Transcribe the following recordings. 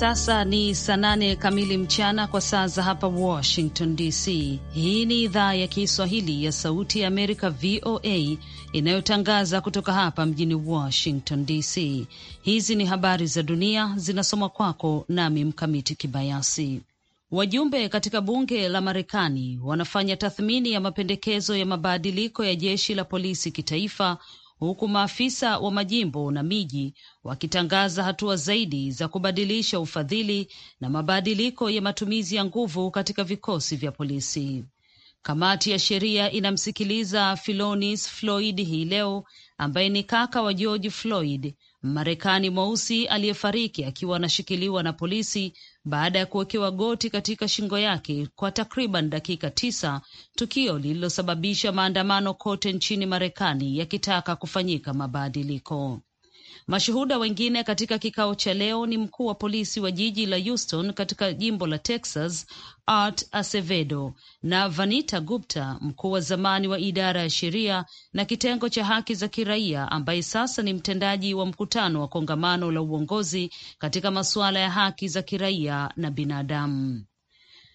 sasa ni saa nane kamili mchana kwa saa za hapa Washington DC. Hii ni idhaa ya Kiswahili ya Sauti ya Amerika, VOA, inayotangaza kutoka hapa mjini Washington DC. Hizi ni habari za dunia zinasoma kwako nami Mkamiti Kibayasi. Wajumbe katika bunge la Marekani wanafanya tathmini ya mapendekezo ya mabadiliko ya jeshi la polisi kitaifa huku maafisa wa majimbo na miji wakitangaza hatua zaidi za kubadilisha ufadhili na mabadiliko ya matumizi ya nguvu katika vikosi vya polisi. Kamati ya sheria inamsikiliza Philonis Floyd hii leo ambaye ni kaka wa George Floyd, Mmarekani mweusi aliyefariki akiwa anashikiliwa na polisi baada ya kuwekewa goti katika shingo yake kwa takriban dakika tisa, tukio lililosababisha maandamano kote nchini Marekani yakitaka kufanyika mabadiliko. Mashuhuda wengine katika kikao cha leo ni mkuu wa polisi wa jiji la Houston katika jimbo la Texas, Art Acevedo na Vanita Gupta, mkuu wa zamani wa idara ya sheria na kitengo cha haki za kiraia, ambaye sasa ni mtendaji wa mkutano wa kongamano la uongozi katika masuala ya haki za kiraia na binadamu.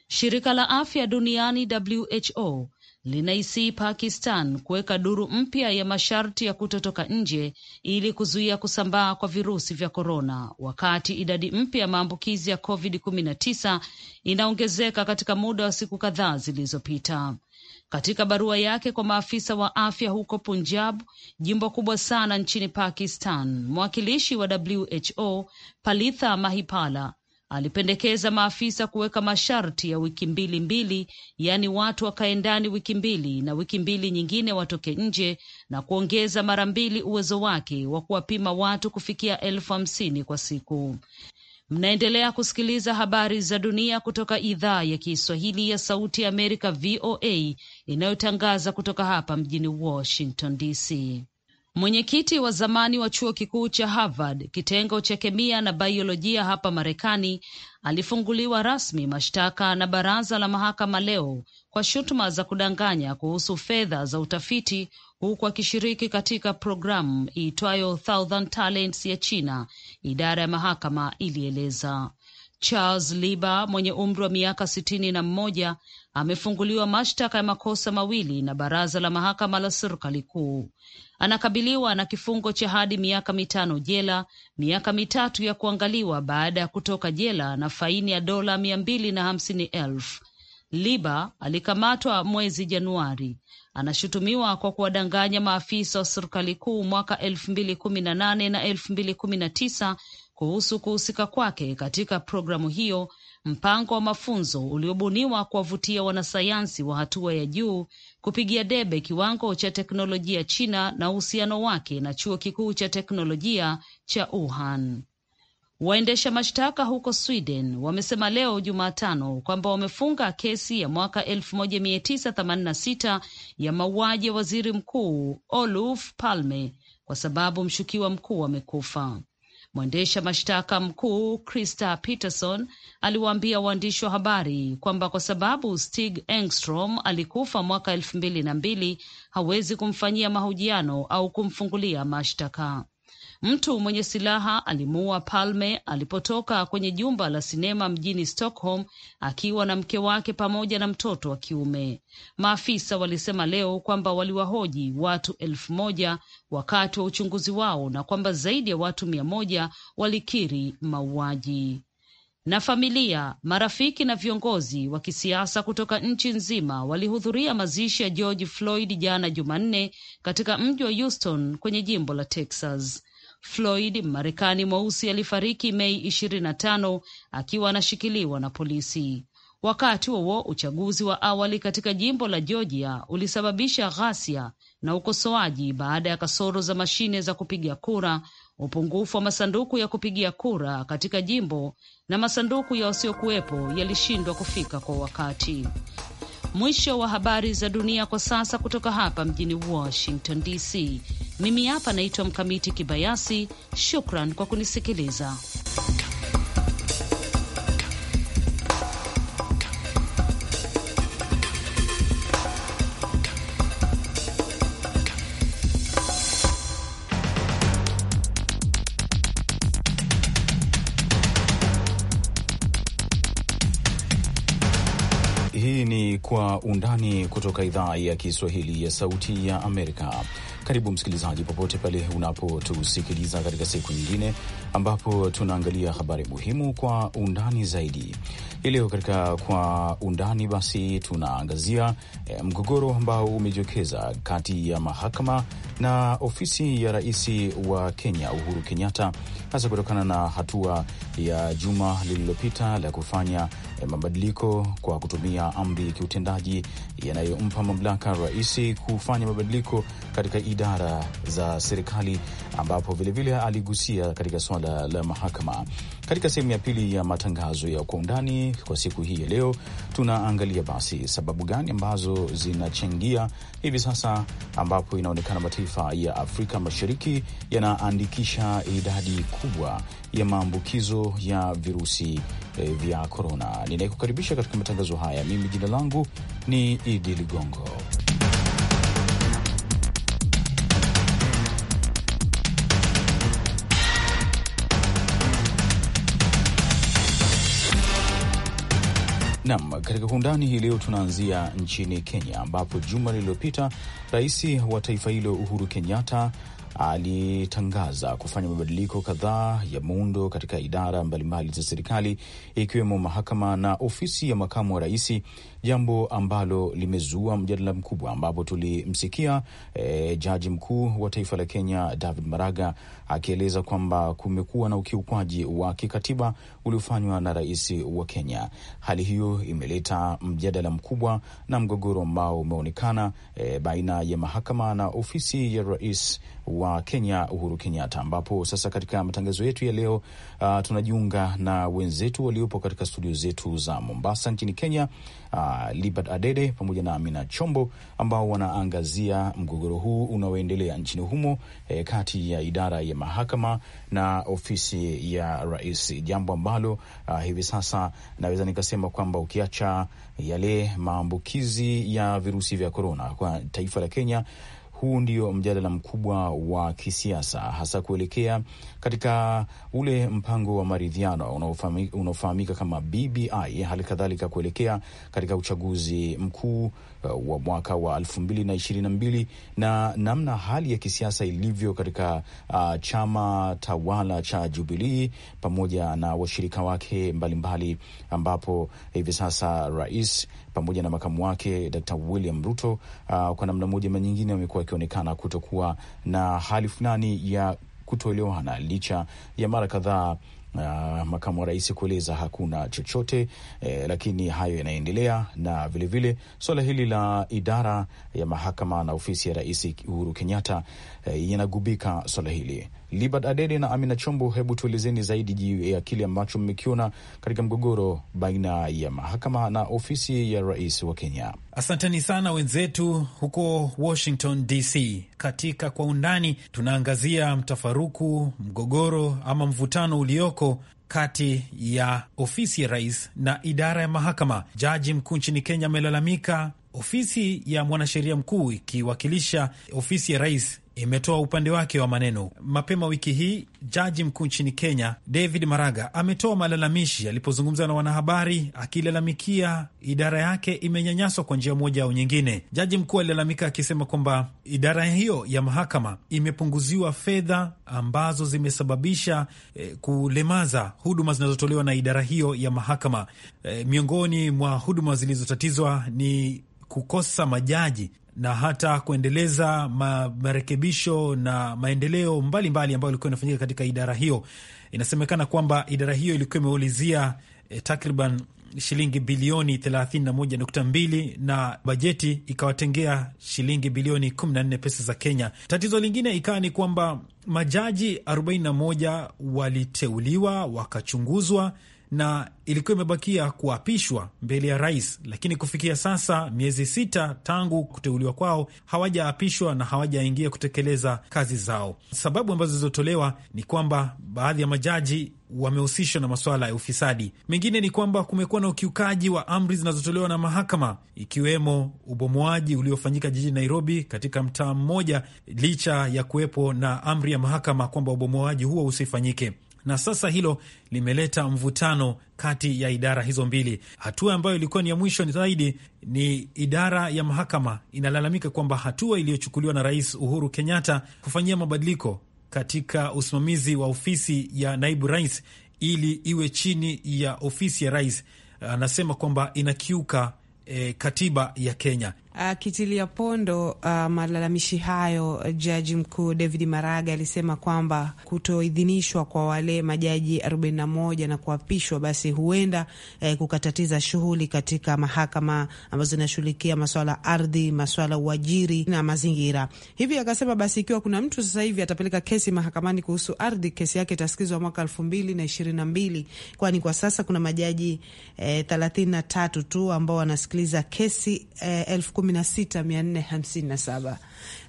Shirika la afya duniani WHO linaisii Pakistan kuweka duru mpya ya masharti ya kutotoka nje ili kuzuia kusambaa kwa virusi vya korona, wakati idadi mpya ya maambukizi ya COVID-19 inaongezeka katika muda wa siku kadhaa zilizopita. Katika barua yake kwa maafisa wa afya huko Punjab, jimbo kubwa sana nchini Pakistan, mwakilishi wa WHO Palitha Mahipala alipendekeza maafisa kuweka masharti ya wiki mbili mbili, yaani watu wakae ndani wiki mbili na wiki mbili nyingine watoke nje, na kuongeza mara mbili uwezo wake wa kuwapima watu kufikia elfu hamsini kwa siku. Mnaendelea kusikiliza habari za dunia kutoka idhaa ya Kiswahili ya Sauti ya Amerika, VOA, inayotangaza kutoka hapa mjini Washington DC. Mwenyekiti wa zamani wa chuo kikuu cha Harvard kitengo cha kemia na baiolojia hapa Marekani alifunguliwa rasmi mashtaka na baraza la mahakama leo kwa shutuma za kudanganya kuhusu fedha za utafiti huku akishiriki katika programu iitwayo Thousand Talents ya China, idara ya mahakama ilieleza. Charles Liber mwenye umri wa miaka sitini na mmoja amefunguliwa mashtaka ya makosa mawili na baraza la mahakama la serikali kuu anakabiliwa na kifungo cha hadi miaka mitano jela, miaka mitatu ya kuangaliwa baada ya kutoka jela na faini ya dola mia mbili na hamsini elfu. Liba alikamatwa mwezi Januari. Anashutumiwa kwa kuwadanganya maafisa wa serikali kuu mwaka elfu mbili kumi na nane na elfu mbili kumi na tisa kuhusu kuhusika kwake katika programu hiyo mpango wa mafunzo uliobuniwa kuwavutia wanasayansi wa hatua ya juu kupigia debe kiwango cha teknolojia China na uhusiano wake na chuo kikuu cha teknolojia cha Wuhan. Waendesha mashtaka huko Sweden wamesema leo Jumatano kwamba wamefunga kesi ya mwaka 1986 ya mauaji ya waziri mkuu Oluf Palme kwa sababu mshukiwa mkuu amekufa. Mwendesha mashtaka mkuu Krista Peterson aliwaambia waandishi wa habari kwamba kwa sababu Stig Engstrom alikufa mwaka elfu mbili na mbili hawezi kumfanyia mahojiano au kumfungulia mashtaka. Mtu mwenye silaha alimuua Palme alipotoka kwenye jumba la sinema mjini Stockholm akiwa na mke wake pamoja na mtoto wa kiume. Maafisa walisema leo kwamba waliwahoji watu elfu moja wakati wa uchunguzi wao na kwamba zaidi ya watu mia moja walikiri mauaji na familia, marafiki na viongozi wa kisiasa kutoka nchi nzima walihudhuria mazishi ya George Floyd jana Jumanne katika mji wa Houston kwenye jimbo la Texas. Floyd Marekani mweusi alifariki Mei 25 akiwa anashikiliwa na polisi. Wakati huo uchaguzi wa awali katika jimbo la Georgia ulisababisha ghasia na ukosoaji baada ya kasoro za mashine za kupiga kura, upungufu wa masanduku ya kupigia kura katika jimbo na masanduku ya wasiokuwepo yalishindwa kufika kwa wakati. Mwisho wa habari za dunia kwa sasa kutoka hapa mjini Washington DC. Mimi hapa naitwa Mkamiti Kibayasi. Shukran kwa kunisikiliza. Kwa undani kutoka idhaa ya Kiswahili ya Sauti ya Amerika. Karibu msikilizaji, popote pale unapotusikiliza katika siku nyingine ambapo tunaangalia habari muhimu kwa undani zaidi. Hii leo katika kwa undani, basi tunaangazia eh, mgogoro ambao umejitokeza kati ya mahakama na ofisi ya rais wa Kenya Uhuru Kenyatta, hasa kutokana na hatua ya juma lililopita la kufanya eh, mabadiliko kwa kutumia amri ya kiutendaji yanayompa mamlaka rais kufanya mabadiliko katika idara za serikali, ambapo vilevile vile aligusia katika swala la mahakama. Katika sehemu ya pili ya matangazo ya kwa undani kwa siku hii ya leo, tunaangalia basi sababu gani ambazo zinachangia hivi sasa ambapo inaonekana mati mataifa ya Afrika Mashariki yanaandikisha idadi kubwa ya maambukizo ya virusi eh, vya korona. Ninayekukaribisha katika matangazo haya mimi, jina langu ni Idi Ligongo. Nam, katika kwa undani hii leo tunaanzia nchini Kenya ambapo juma lililopita rais wa taifa hilo Uhuru Kenyatta alitangaza kufanya mabadiliko kadhaa ya muundo katika idara mbalimbali za serikali ikiwemo mahakama na ofisi ya makamu wa rais, jambo ambalo limezua mjadala mkubwa, ambapo tulimsikia e, jaji mkuu wa taifa la Kenya David Maraga akieleza kwamba kumekuwa na ukiukwaji wa kikatiba uliofanywa na rais wa Kenya. Hali hiyo imeleta mjadala mkubwa na mgogoro ambao umeonekana e, baina ya mahakama na ofisi ya rais wa wa Kenya Uhuru Kenyatta, ambapo sasa katika matangazo yetu ya leo uh, tunajiunga na wenzetu waliopo katika studio zetu za Mombasa nchini Kenya, uh, Libert Adede pamoja na Amina Chombo ambao wanaangazia mgogoro huu unaoendelea nchini humo eh, kati ya idara ya mahakama na ofisi ya rais, jambo ambalo uh, hivi sasa naweza nikasema kwamba ukiacha yale maambukizi ya virusi vya korona kwa taifa la Kenya huu ndio mjadala mkubwa wa kisiasa hasa kuelekea katika ule mpango wa maridhiano unaofahamika kama BBI, hali kadhalika kuelekea katika uchaguzi mkuu wa mwaka wa elfu mbili na ishirini na mbili na namna hali ya kisiasa ilivyo katika uh, chama tawala cha Jubilii pamoja na washirika wake mbalimbali mbali, ambapo hivi sasa rais pamoja na makamu wake Dr. William Ruto uh, kwa namna moja manyingine wamekuwa akionekana kutokuwa na hali fulani ya kutoelewana licha ya mara kadhaa na makamu wa rais kueleza hakuna chochote eh, lakini hayo yanaendelea, na vilevile suala hili la idara ya mahakama na ofisi ya rais Uhuru Kenyatta eh, yanagubika suala hili. Libert Adede na Amina Chombo, hebu tuelezeni zaidi juu ya kile ambacho mmekiona katika mgogoro baina ya mahakama na ofisi ya rais wa Kenya. Asanteni sana wenzetu huko Washington DC. Katika kwa undani tunaangazia mtafaruku, mgogoro ama mvutano ulioko kati ya ofisi ya rais na idara ya mahakama. Jaji mkuu nchini Kenya amelalamika ofisi ya mwanasheria mkuu ikiwakilisha ofisi ya rais imetoa upande wake wa maneno. Mapema wiki hii, jaji mkuu nchini Kenya David Maraga ametoa malalamishi alipozungumza na wanahabari, akilalamikia idara yake imenyanyaswa kwa njia moja au nyingine. Jaji mkuu alilalamika akisema kwamba idara hiyo ya mahakama imepunguziwa fedha ambazo zimesababisha eh, kulemaza huduma zinazotolewa na idara hiyo ya mahakama. Eh, miongoni mwa huduma zilizotatizwa ni kukosa majaji na hata kuendeleza marekebisho na maendeleo mbalimbali ambayo ilikuwa inafanyika katika idara hiyo. Inasemekana kwamba idara hiyo ilikuwa imeulizia eh, takriban shilingi bilioni 31.2 na bajeti ikawatengea shilingi bilioni 14 pesa za Kenya. Tatizo lingine ikawa ni kwamba majaji 41 waliteuliwa wakachunguzwa na ilikuwa imebakia kuapishwa mbele ya rais, lakini kufikia sasa miezi sita tangu kuteuliwa kwao hawajaapishwa na hawajaingia kutekeleza kazi zao. Sababu ambazo zilizotolewa ni kwamba baadhi ya majaji wamehusishwa na masuala ya ufisadi. Mengine ni kwamba kumekuwa na ukiukaji wa amri zinazotolewa na mahakama, ikiwemo ubomoaji uliofanyika jijini Nairobi katika mtaa mmoja, licha ya kuwepo na amri ya mahakama kwamba ubomoaji huo usifanyike na sasa hilo limeleta mvutano kati ya idara hizo mbili. Hatua ambayo ilikuwa ni ya mwisho zaidi ni idara ya mahakama inalalamika kwamba hatua iliyochukuliwa na Rais Uhuru Kenyatta kufanyia mabadiliko katika usimamizi wa ofisi ya naibu rais ili iwe chini ya ofisi ya rais, anasema kwamba inakiuka e, katiba ya Kenya. Akitilia ah, pondo uh, malalamishi hayo, jaji mkuu David Maraga alisema kwamba kutoidhinishwa kwa wale majaji 41 na kuapishwa basi huenda eh, kukatatiza shughuli katika mahakama ambazo zinashughulikia maswala ardhi, maswala uajiri na mazingira. Hivi akasema basi ikiwa kuna mtu sasa hivi atapeleka kesi mahakamani kuhusu ardhi, kesi yake itasikizwa mwaka 2022 kwani kwa sasa kuna majaji eh, 33 tu ambao wanasikiliza kesi eh, elfu 16457.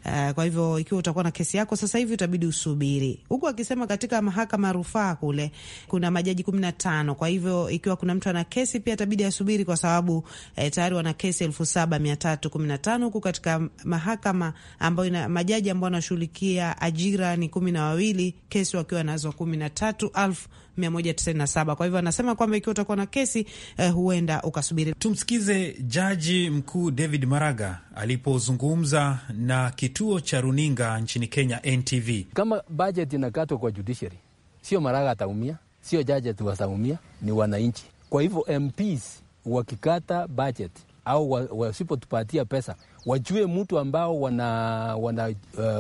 Uh, kwa hivyo ikiwa utakuwa na kesi yako sasa hivi utabidi usubiri, huku akisema katika mahakama rufaa kule kuna majaji kumi na tano. Kwa hivyo ikiwa kuna mtu ana kesi pia atabidi asubiri, kwa sababu eh, tayari wana kesi elfu saba mia tatu kumi na tano huku katika mahakama ambayo ina majaji ambao wanashughulikia ajira ni kumi na wawili, kesi wakiwa nazo kumi na tatu elfu 197. Kwa hivyo anasema kwamba ikiwa utakuwa na kesi eh, huenda ukasubiri. Tumsikize Jaji Mkuu David Maraga alipozungumza na kitu kituo cha runinga nchini Kenya, NTV. Kama bajeti inakatwa kwa judiciary, sio Maraga ataumia, sio jaji wataumia, ni wananchi. Kwa hivyo MPs wakikata bajeti au wasipotupatia pesa, wajue mtu ambao wanaumiza wana,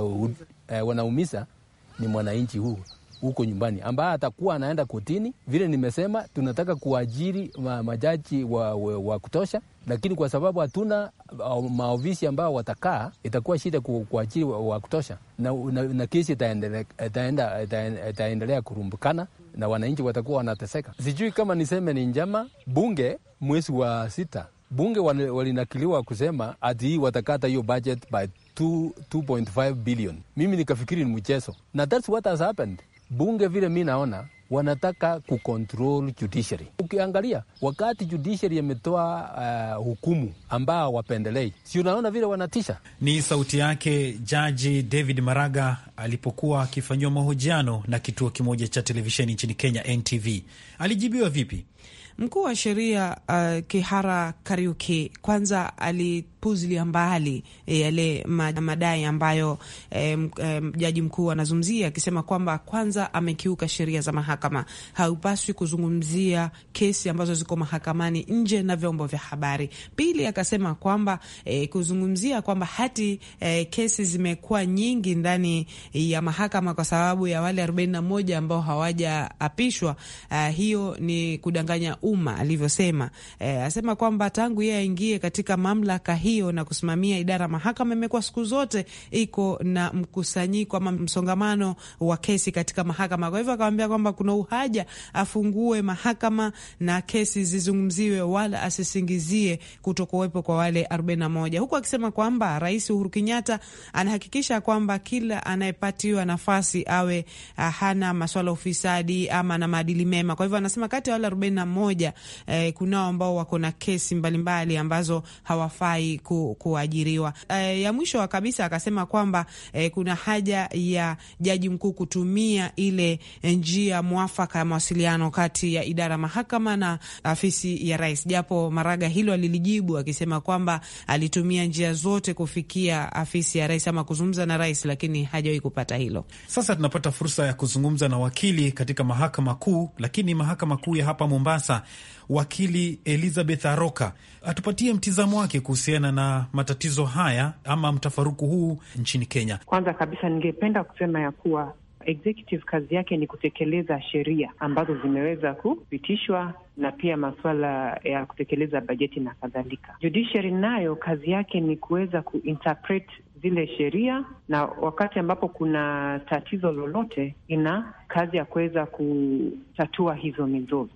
uh, uh, uh, eh, wana ni mwananchi huu huko nyumbani ambaye atakuwa anaenda kotini. Vile nimesema tunataka kuajiri majaji wa, wa, wa kutosha lakini kwa sababu hatuna uh, maofisi ambao watakaa, itakuwa shida kuajiri wa kutosha, na, na, na kesi itaendelea itaendelea kurumbukana na wananchi watakuwa wanateseka. Sijui kama niseme ni njama. Bunge mwezi wa sita bunge walinakiliwa kusema ati hii watakata hiyo budget by 2.5 billion. Mimi nikafikiri ni mchezo na that's what has happened. Bunge vile mi naona wanataka kucontrol judiciary. Ukiangalia wakati judiciary imetoa uh, hukumu ambao wapendelei, si unaona vile wanatisha. Ni sauti yake Jaji David Maraga alipokuwa akifanyiwa mahojiano na kituo kimoja cha televisheni nchini Kenya, NTV. Alijibiwa vipi? Mkuu wa sheria uh, Kihara Kariuki kwanza ali kuzilia mbali e, yale madai ambayo e, e, jaji mkuu anazungumzia akisema kwamba kwanza amekiuka sheria za mahakama. Haupaswi kuzungumzia kesi ambazo ziko mahakamani nje na vyombo vya habari. Pili akasema kwamba e, kuzungumzia kwamba hati e, kesi zimekuwa nyingi ndani ya mahakama kwa sababu ya wale 41 ambao hawajaapishwa. Uh, hiyo ni kudanganya umma alivyosema. E, asema kwamba tangu yeye aingie katika mamlaka hii hiyo na kusimamia idara mahakama imekuwa siku zote iko na mkusanyiko ama msongamano wa kesi katika mahakama. Kwa hivyo akamwambia kwamba kuna uhaja afungue mahakama na kesi zizungumziwe, wala asisingizie kutokuwepo kwa wale 41, huku akisema kwamba Rais Uhuru Kenyatta anahakikisha kwamba kila anayepatiwa nafasi awe ah, hana maswala ufisadi ama na maadili mema. Kwa hivyo anasema kati ya wale 41 eh, kunao ambao wako na kesi mbalimbali mbali ambazo hawafai ku, kuajiriwa. E, ya mwisho kabisa akasema kwamba e, kuna haja ya jaji mkuu kutumia ile njia mwafaka ya mawasiliano kati ya idara mahakama na afisi ya rais, japo Maraga hilo alilijibu akisema kwamba alitumia njia zote kufikia afisi ya rais ama kuzungumza na rais, lakini hajawahi kupata hilo. Sasa tunapata fursa ya kuzungumza na wakili katika mahakama kuu, lakini mahakama kuu ya hapa Mombasa, wakili Elizabeth Aroka atupatie mtizamo wake kuhusiana kukabiliana na matatizo haya ama mtafaruku huu nchini Kenya? Kwanza kabisa ningependa kusema ya kuwa executive kazi yake ni kutekeleza sheria ambazo zimeweza kupitishwa na pia masuala ya kutekeleza bajeti na kadhalika. Judiciary nayo kazi yake ni kuweza kuinterpret zile sheria, na wakati ambapo kuna tatizo lolote, ina kazi ya kuweza kutatua hizo mizozo.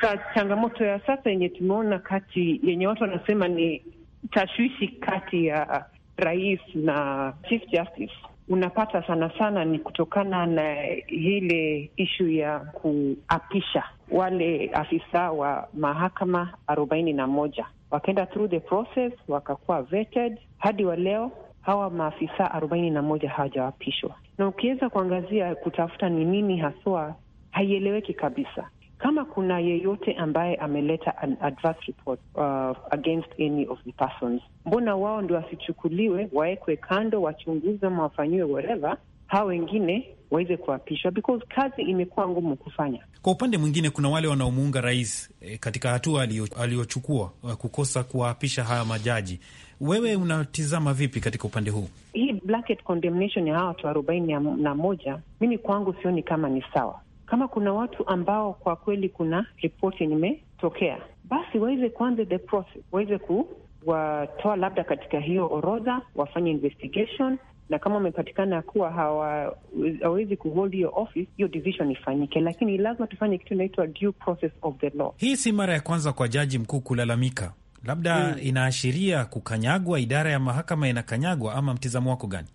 Sasa changamoto ya sasa yenye tumeona kati yenye watu wanasema ni tashwishi kati ya rais na chief justice unapata sana sana ni kutokana na ile ishu ya kuapisha wale afisa wa mahakama arobaini na moja wakaenda through the process wakakuwa vetted. Hadi wa leo hawa maafisa arobaini na moja hawajawapishwa na ukiweza kuangazia kutafuta ni nini haswa haieleweki kabisa kama kuna yeyote ambaye ameleta an adverse report uh, against any of the persons, mbona wao ndio wasichukuliwe, wawekwe kando, wachunguzwe ama wafanyiwe whatever, hao wengine waweze kuapishwa because kazi imekuwa ngumu kufanya. Kwa upande mwingine, kuna wale wanaomuunga rais eh, katika hatua aliyochukua eh, kukosa kuwaapisha haya majaji. Wewe unatizama vipi katika upande huu? Hii blanket condemnation ya hawa watu arobaini na moja, mimi kwangu sioni kama ni sawa kama kuna watu ambao kwa kweli kuna ripoti nimetokea, basi waweze kuanza the process, waweze kuwatoa labda katika hiyo orodha, wafanye investigation na kama wamepatikana kuwa hawawezi kuhold hiyo office, hiyo division ifanyike, lakini lazima tufanye kitu inaitwa due process of the law. Hii si mara ya kwanza kwa jaji mkuu kulalamika, labda hmm, inaashiria kukanyagwa, idara ya mahakama inakanyagwa, ama mtizamo wako gani?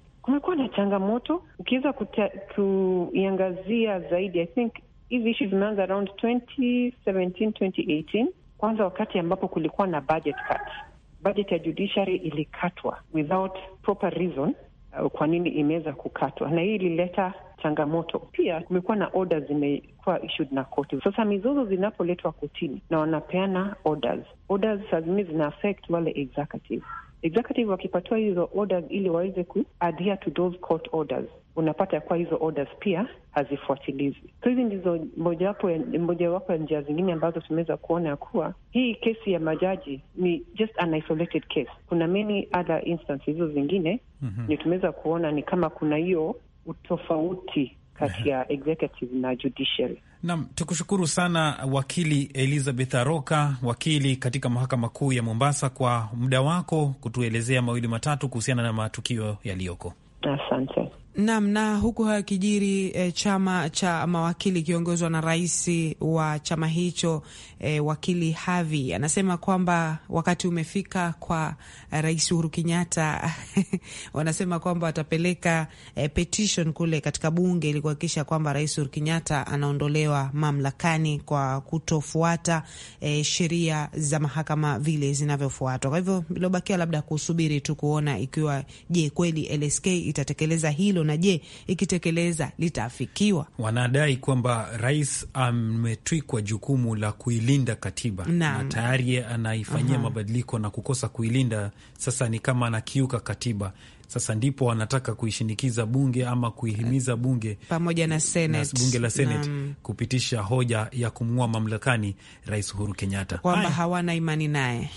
na changamoto. Ukiweza kuiangazia zaidi, I think hivi ishi zimeanza around 2017 2018, kwanza wakati ambapo kulikuwa na budget cut. Budget ya judiciary ilikatwa without proper reason uh, kwa nini imeweza kukatwa, na hii ilileta changamoto pia. Kumekuwa na orders zimekuwa issued na koti. Sasa mizozo zinapoletwa kotini na wanapeana orders, orders saa zingine zina affect wale executive executive wakipatiwa hizo orders ili waweze ku adhere to those court orders, unapata ya kuwa hizo orders pia hazifuatilizi. So hizi ndizo mojawapo mojawapo ya njia zingine ambazo tumeweza kuona ya kuwa hii kesi ya majaji ni just an isolated case. Kuna many other instances hizo zingine mm -hmm. ni tumeweza kuona ni kama kuna hiyo utofauti kati ya executive na judiciary. Naam, tukushukuru sana wakili Elizabeth Aroka, wakili katika mahakama kuu ya Mombasa, kwa muda wako kutuelezea mawili matatu kuhusiana na matukio yaliyoko. Asante. Nam na huku haya kijiri e, eh, chama cha mawakili ikiongozwa na rais wa chama hicho e, wakili Havi anasema kwamba wakati umefika kwa eh, rais Uhuru Kenyatta wanasema kwamba watapeleka e, petition kule katika bunge ili kuhakikisha kwamba rais Uhuru Kenyatta anaondolewa mamlakani kwa kutofuata e, sheria za mahakama vile zinavyofuatwa. Kwa hivyo ilobakia labda kusubiri tu kuona ikiwa je, kweli LSK itatekeleza hilo na je, ikitekeleza litaafikiwa? Wanadai kwamba rais ametwikwa jukumu la kuilinda katiba na, na tayari anaifanyia uh -huh. mabadiliko na kukosa kuilinda, sasa ni kama anakiuka katiba. Sasa ndipo wanataka kuishinikiza bunge ama kuihimiza bunge pamoja na Senate, bunge la Senate na kupitisha hoja ya kumng'oa mamlakani rais Uhuru Kenyatta, kwamba hawana imani naye.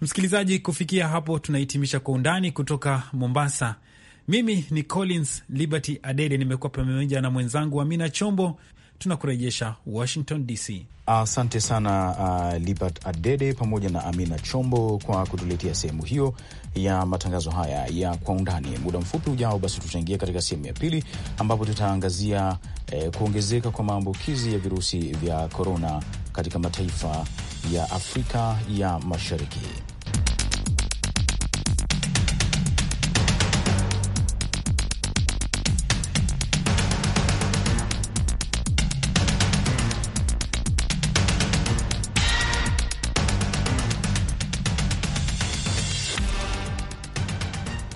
Msikilizaji, kufikia hapo tunahitimisha Kwa Undani kutoka Mombasa. Mimi ni Collins Liberty Adede, nimekuwa pamoja na mwenzangu Amina Chombo. Tunakurejesha Washington DC. Asante sana uh, Libert Adede pamoja na Amina Chombo kwa kutuletea sehemu hiyo ya matangazo haya ya kwa undani. Muda mfupi ujao, basi tutaingia katika sehemu ya pili ambapo tutaangazia eh, kuongezeka kwa maambukizi ya virusi vya korona katika mataifa ya Afrika ya Mashariki.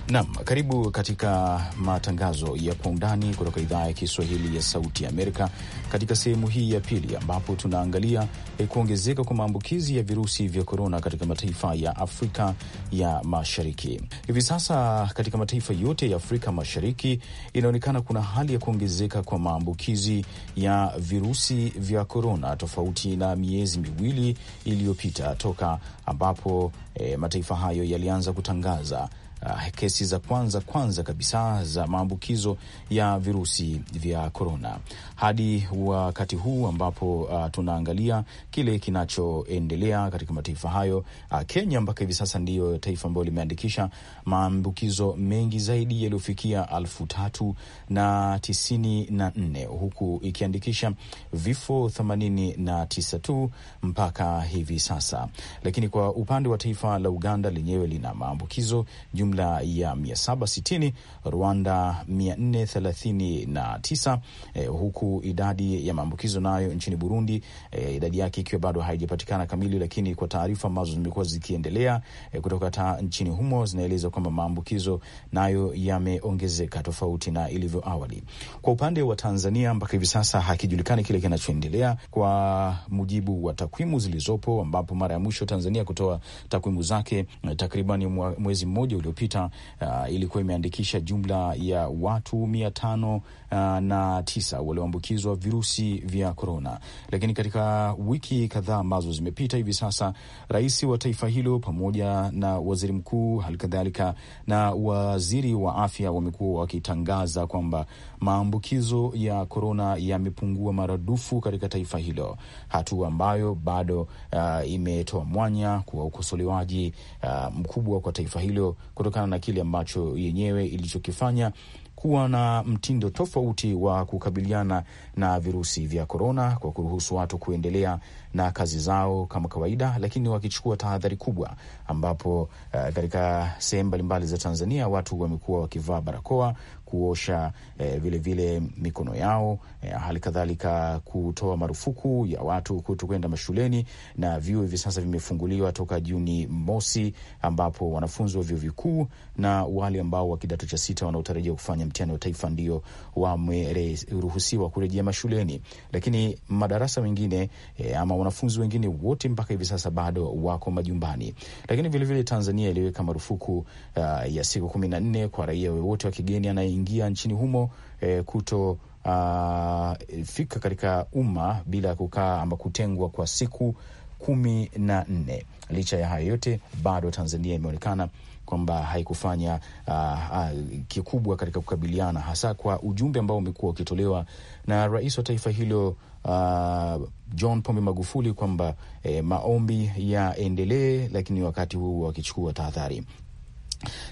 nam karibu katika matangazo ya kwa undani kutoka idhaa ya Kiswahili ya Sauti ya Amerika, katika sehemu hii ya pili ambapo tunaangalia eh, kuongezeka kwa maambukizi ya virusi vya korona katika mataifa ya Afrika ya Mashariki. Hivi sasa katika mataifa yote ya Afrika Mashariki inaonekana kuna hali ya kuongezeka kwa maambukizi ya virusi vya korona, tofauti na miezi miwili iliyopita toka ambapo e, mataifa hayo yalianza kutangaza uh, kesi za kwanza kwanza kabisa za maambukizo ya virusi vya korona hadi wakati huu ambapo uh, tunaangalia kile kinachoendelea katika mataifa hayo. Uh, Kenya mpaka hivi sasa ndiyo taifa ambayo limeandikisha maambukizo mengi zaidi yaliyofikia alfu tatu na tisini na nne huku ikiandikisha vifo themanini na tisa tu mpaka hivi sasa, lakini kwa upande wa taifa la Uganda lenyewe lina maambukizo jumla ya 760, Rwanda 439, eh, huku idadi ya maambukizo nayo nchini Burundi eh, idadi yake ikiwa bado haijapatikana kamili, lakini kwa taarifa ambazo zimekuwa zikiendelea eh, kutoka ta nchini humo zinaeleza kwamba maambukizo nayo yameongezeka tofauti na ilivyo awali. Kwa upande wa Tanzania mpaka hivi sasa hakijulikani kile kinachoendelea kwa mujibu wa takwimu zilizopo, ambapo mara ya mwisho Tanzania kutoa takwimu zake eh, takriban mwezi mmoja uliopita iliyopita uh, ilikuwa imeandikisha jumla ya watu mia tano uh, na tisa walioambukizwa virusi vya korona, lakini katika wiki kadhaa ambazo zimepita hivi sasa, rais wa taifa hilo pamoja na waziri mkuu halikadhalika na waziri wa afya wamekuwa wakitangaza kwamba maambukizo ya korona yamepungua maradufu katika taifa hilo, hatua ambayo bado uh, imetoa mwanya kwa ukosolewaji uh, mkubwa kwa taifa hilo kutokana na kile ambacho yenyewe ilichokifanya kuwa na mtindo tofauti wa kukabiliana na virusi vya korona kwa kuruhusu watu kuendelea na kazi zao kama kawaida, lakini wakichukua tahadhari kubwa, ambapo eh, katika uh, sehemu mbalimbali za Tanzania watu wamekuwa wakivaa barakoa kuosha eh, vile vile mikono yao eh, hali kadhalika kutoa marufuku ya watu kuto kwenda mashuleni. Na vyuo hivi sasa vimefunguliwa toka Juni mosi, ambapo wanafunzi wa vyuo vikuu na wale ambao wa kidato cha sita wanaotarajia kufanya mtihani wa taifa ndio wameruhusiwa kurejea mashuleni, lakini madarasa mengine eh, ama wanafunzi wengine wote mpaka hivi sasa bado wako majumbani. Lakini vilevile vile Tanzania iliweka marufuku uh, ya siku kumi na nne kwa raia wowote wa kigeni anaye kuingia nchini humo e, kuto a, ah, fika katika umma bila kukaa ama kutengwa kwa siku kumi na nne. Licha ya hayo yote, bado Tanzania imeonekana kwamba haikufanya uh, uh, kikubwa katika kukabiliana hasa kwa ujumbe ambao umekuwa ukitolewa na rais wa taifa hilo uh, John Pombe Magufuli kwamba eh, maombi yaendelee, lakini wakati huu wakichukua tahadhari.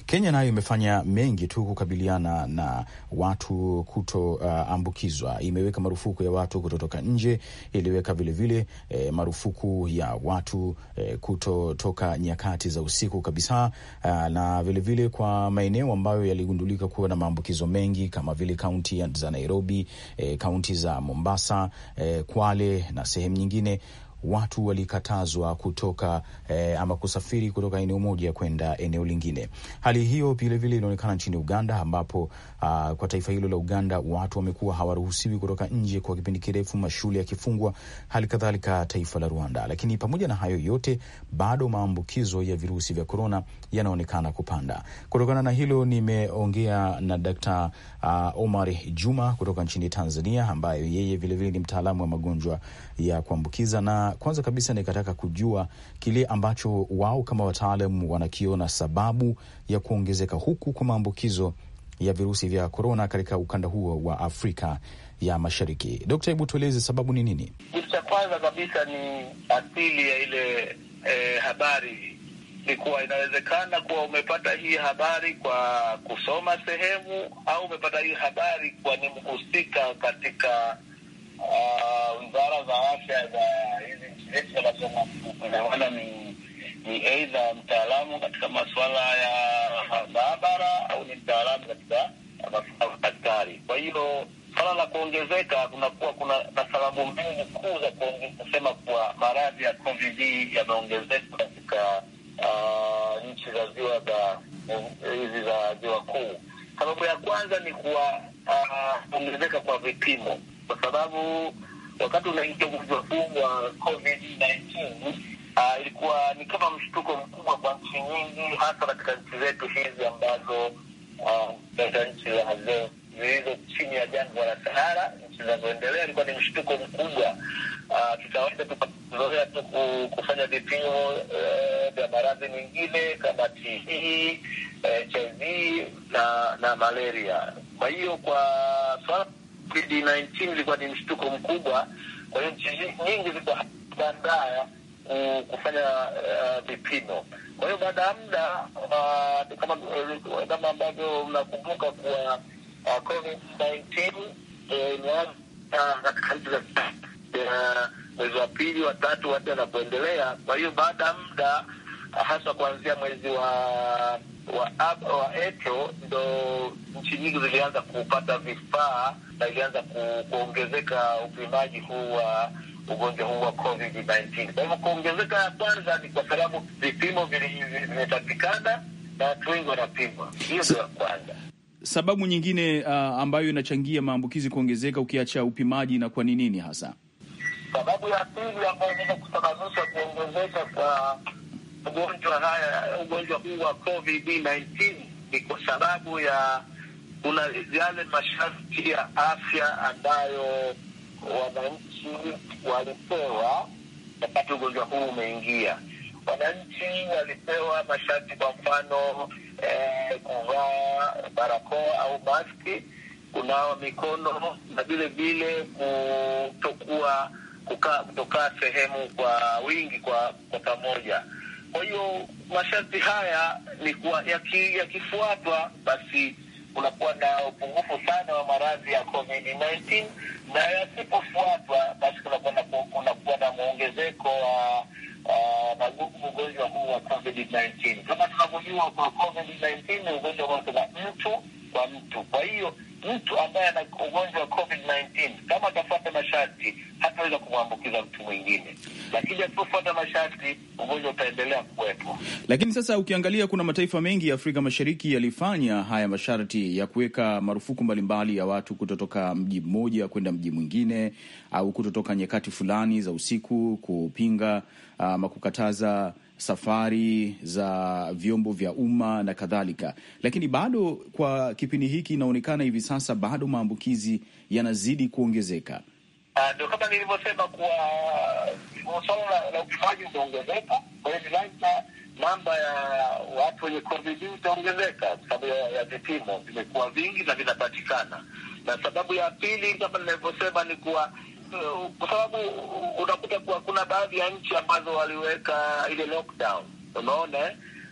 Kenya nayo imefanya mengi tu kukabiliana na watu kutoambukizwa. Uh, imeweka marufuku ya watu kutotoka nje, iliweka vilevile eh, marufuku ya watu eh, kutotoka nyakati za usiku kabisa, uh, na vilevile vile kwa maeneo ambayo yaligundulika kuwa na maambukizo mengi kama vile kaunti za Nairobi, eh, kaunti za Mombasa, eh, Kwale na sehemu nyingine watu walikatazwa kutoka eh, ama kusafiri kutoka eneo moja kwenda eneo lingine. Hali hiyo vilevile inaonekana nchini Uganda ambapo aa, ah, kwa taifa hilo la Uganda watu wamekuwa hawaruhusiwi kutoka nje kwa kipindi kirefu, mashule yakifungwa, hali kadhalika taifa la Rwanda. Lakini pamoja na hayo yote, bado maambukizo ya virusi vya korona yanaonekana kupanda. Kutokana na hilo, nimeongea na Daktari ah, Omar Juma kutoka nchini Tanzania, ambaye yeye vilevile ni mtaalamu wa magonjwa ya kuambukiza na kwanza kabisa nikataka kujua kile ambacho wao kama wataalam wanakiona sababu ya kuongezeka huku kwa maambukizo ya virusi vya korona katika ukanda huo wa Afrika ya Mashariki. Dokta, hebu tueleze sababu ni nini? Kitu cha kwanza kabisa ni asili ya ile eh, habari ni kuwa inawezekana kuwa umepata hii habari kwa kusoma sehemu au umepata hii habari kwa ni mhusika katika Ah, wizara za afya za hizi nchi zetu zinasema anaona ni ni aidha mtaalamu katika masuala ya maabara au ni mtaalamu katika masuala ya daktari. Kwa hiyo swala la kuongezeka kunakuwa kuna na sababu mbili kuu za kusema kuwa maradhi ya COVID yameongezeka katika ah, nchi za ziwa za hizi za ziwa kuu. Sababu ya kwanza ni kuwa ah, kuongezeka kwa vipimo kwa sababu wakati unaingia ugonjwa huu wa COVID-19 uh, ah, ilikuwa ni kama mshtuko mkubwa kwa nchi nyingi, hasa katika nchi zetu hizi ambazo ah, katika nchi zilizo chini ya jangwa la Sahara, nchi zinazoendelea, ilikuwa ni mshtuko mkubwa. Ah, tutaweza tukazoea tu kufanya vipimo eh, vya maradhi mengine kama TB, HIV eh, na na malaria. Kwa hiyo kwa swala COVID-19 ilikuwa ni mshtuko mkubwa, kwa hiyo nchi nyingi zilikuwa zikijiandaa eh, kufanya eh, vipimo uh, kwa hiyo baada ya muda uh, kama, uh, kama ambavyo mnakumbuka kuwa uh, ah, COVID-19 imeanza katika nchi za mwezi wa pili, wa tatu, wa nne kuendelea. Kwa hiyo baada ya muda hasa kuanzia mwezi wa wa, wa Aprili ndo nchi nyingi zilianza kupata vifaa na ilianza kuongezeka upimaji huu wa ugonjwa huu wa COVID-19. Kwa hivyo kuongezeka kwanza ni kwa sababu vipimo vimepatikana na watu wengi wanapimwa, hiyo ndio ya kwanza. Sababu nyingine uh, ambayo inachangia maambukizi kuongezeka ukiacha upimaji na kwa ni nini hasa? Sababu ya pili ambayo inaweza kusababisha kuongezeka kwa ugonjwa haya ugonjwa huu wa COVID-19 ni kwa sababu ya kuna yale masharti ya afya ambayo wananchi walipewa wakati ugonjwa huu umeingia. Wananchi walipewa masharti, kwa mfano eh, kuvaa barakoa au maski, kunawa mikono na vile vile kutokuwa kukaa kutokaa sehemu kwa wingi kwa kwa pamoja. Kwa hiyo masharti haya ni kuwa yakifuatwa, yaki basi kunakuwa na upungufu sana wa maradhi ya COVID-19, na yasipofuatwa basi kunakuwa na mwongezeko wa ugonjwa huu wa COVID-19. Kama tunavyojua, kwa COVID-19 ni ugonjwa unaotoka mtu kwa mtu, kwa hiyo mtu ambaye ana ugonjwa wa COVID-19 kama atafuata masharti hataweza kumwambukiza mtu mwingine, lakini asipofuata masharti ugonjwa utaendelea kuwepo. Lakini sasa ukiangalia, kuna mataifa mengi ya Afrika Mashariki yalifanya haya masharti ya kuweka marufuku mbalimbali ya watu kutotoka mji mmoja kwenda mji mwingine au kutotoka nyakati fulani za usiku kupinga ama kukataza safari za vyombo vya umma na kadhalika, lakini bado kwa kipindi hiki inaonekana hivi sasa bado maambukizi yanazidi kuongezeka. Ah, ndio kama nilivyosema kuwa uh, swala la upimaji utaongezeka, kwa hiyo lazima namba ya watu wenye COVID itaongezeka kwa sababu ya vipimo vimekuwa vingi na vinapatikana, na sababu ya pili kama ninavyosema ni kuwa Eh, kwa sababu unakuta kuwa kuna baadhi ya nchi ambazo waliweka ile lockdown, unaona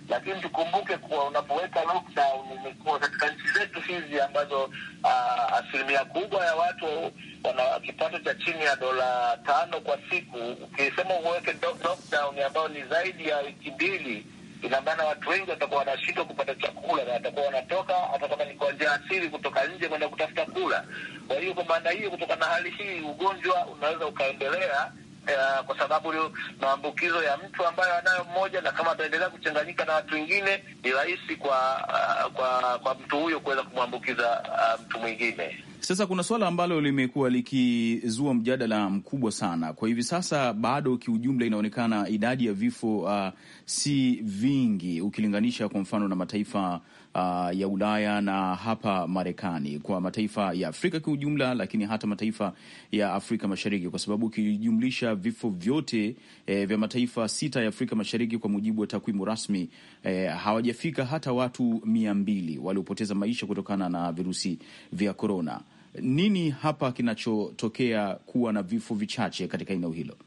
Lakini tukumbuke kuwa unapoweka lockdown imekuwa katika nchi zetu hizi ambazo uh, asilimia kubwa ya watu wana kipato cha chini ya dola tano kwa siku. Ukisema uweke lockdown ambayo ni zaidi ya wiki mbili ina maana watu wengi watakuwa wanashindwa kupata chakula na watakuwa wanatoka hata kama ni kwa njia asili, kutoka nje kwenda kutafuta kula. Kwa hiyo kwa maana hiyo, kutokana na hali hii, ugonjwa unaweza ukaendelea Uh, kwa sababu maambukizo ya mtu ambayo anayo mmoja, na kama ataendelea kuchanganyika na watu wengine, ni rahisi kwa, uh, kwa kwa mtu huyo kuweza kumwambukiza uh, mtu mwingine. Sasa kuna suala ambalo limekuwa likizua mjadala mkubwa sana kwa hivi sasa. Bado kiujumla, inaonekana idadi ya vifo uh, si vingi ukilinganisha kwa mfano na mataifa uh, ya Ulaya na hapa Marekani, kwa mataifa ya Afrika kiujumla, lakini hata mataifa ya Afrika Mashariki, kwa sababu ukijumlisha vifo vyote eh, vya mataifa sita ya Afrika Mashariki kwa mujibu wa takwimu rasmi eh, hawajafika hata watu mia mbili waliopoteza maisha kutokana na virusi vya korona. Nini hapa kinachotokea kuwa na vifo vichache katika eneo hilo?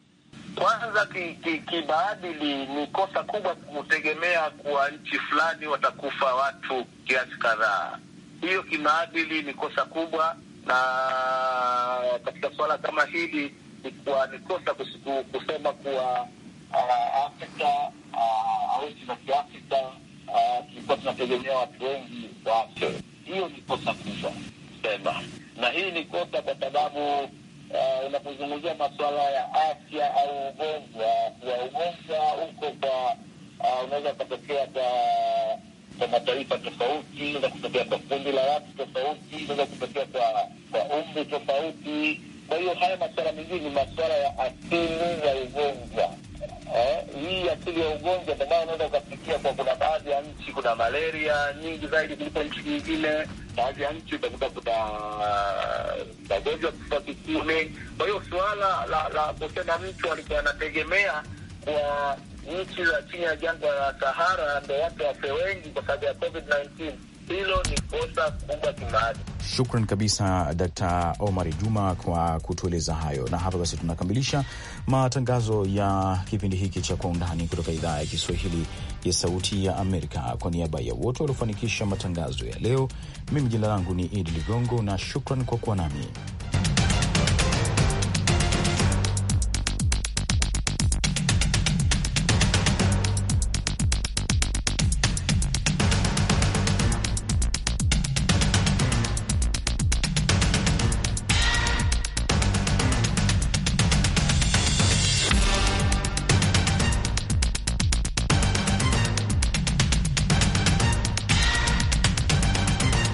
Kwanza kimaadili ki, ni kosa kubwa kutegemea kuwa nchi fulani watakufa watu kiasi kadhaa. Hiyo kimaadili ni kosa kubwa, na katika suala kama hili ni kuwa ni kosa kusema kuwa uh, Afrika ah, au nchi za Kiafrika ah, tulikuwa uh, tunategemea watu wengi wafe. Hiyo ni kosa kubwa mapema, na hii ni kosa kwa sababu uh, unapozungumzia masuala ya afya au ugonjwa wa ugonjwa huko kwa uh, unaweza ukatokea kwa kwa mataifa tofauti, unaweza kutokea kwa kundi la watu tofauti, unaweza kutokea kwa kwa umri tofauti. Kwa hiyo haya masuala mengine ni masuala ya asili ya ugonjwa eh, hii asili ya ugonjwa maana unaweza ukafikia kwa, kuna baadhi ya nchi kuna malaria nyingi zaidi kuliko nchi nyingine. Baadhi ya nchi utakuta kuna uh, magonjwa kufa kikune. Kwa hiyo suala la, la kusema mtu alikuwa anategemea kwa nchi za chini ya jangwa la Sahara ndo watu wafe wengi kwa sababu ya COVID-19 hilo ni kosa kubwa kimaadili. Shukran kabisa Dkt. Omari Juma kwa kutueleza hayo, na hapa basi tunakamilisha matangazo ya kipindi hiki cha Kwa Undani kutoka idhaa ya Kiswahili ya Sauti ya Amerika. Kwa niaba ya wote waliofanikisha matangazo ya leo, mimi jina langu ni Idi Ligongo na shukran kwa kuwa nami.